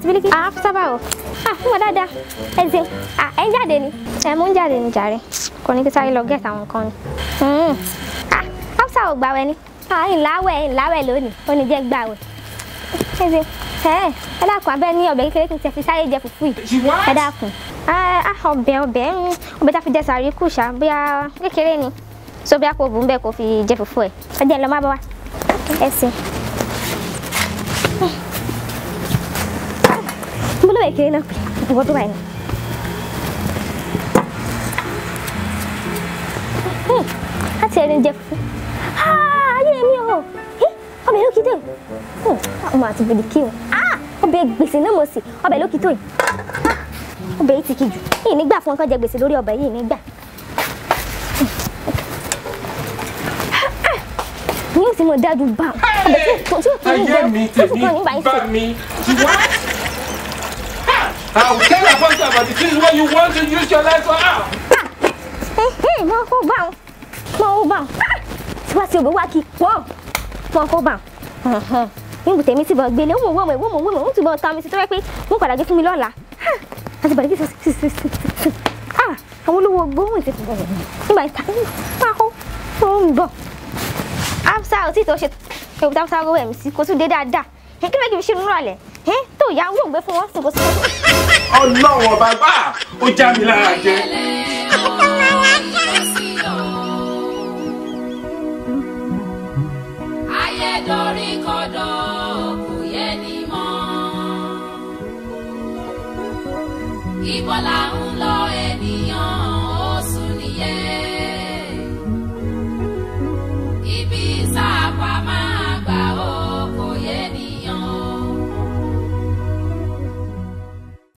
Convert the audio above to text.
àti bílíkì àá ah, sábà o àfúnwọ̀ ah, dáadáa ẹ ṣe ah, ẹ ń jáde ni ẹ mú ń jáde ni jàre kò ní kí sáré lọ gẹ̀ẹ́sì àwọn nǹkan ni hmm. afsa ò gbàwẹ̀ ni ìláwẹ̀ ìláwẹ̀ lónìí ó ní jẹ́ gbàwẹ̀ ẹ ṣe ẹ ẹ dákun abẹ́ ní ọbẹ̀ kékeré kí n ti fi sáré jẹ fùfú yìí ẹ dákun ọbẹ̀ ọbẹ̀ hmm. ọbẹ̀ tá a fi jẹ sàrí kù ṣá bóyá kékeré ni so bí apò òbú ń bẹ fi jẹ fùfú ẹ ọjọ́ ẹ lọ má bọ́ wa ẹ ṣe. Bunu bekleyin. Bunu bekleyin. láti ẹni jẹ fún ayé mi o ọbẹ̀ lókìtò yìí ọmọ àti bèdè kí o ọbẹ̀ gbèsè náà mo sì ọbẹ̀ lókìtò yìí ọbẹ̀ yìí ti kí jù yìí nígbà fún ọkàn jẹ gbèsè lórí ọbẹ̀ yìí nígbà ní òsì mo dájú bá ọbẹ̀ I will tell you one about the things where you want to use your life for now. Hey, mo ko ba o. Mo ba o. Ti wa si o wa ki. Wo. Mo ko ba o. Mhm. Nbu tèmi ti bo gbele, wo wo wo wo wo, ti bo ta mi si to re pe, mo padà jẹ fún mi lọ́la. Ha. Àti bari ki Ah, àwọn olówó gbóhùn ti bo. Nba ita. Ma ko. Mo ń bọ̀. Amsa o ti to se. Ewu ta sa wo MC ko tún dé dáadáa. Kekere ki mi se nuru ale ẹ tó ìyá wò gbé fún wọn ṣùgbọ́n ṣùgbọ́n. ọlọ́wọ́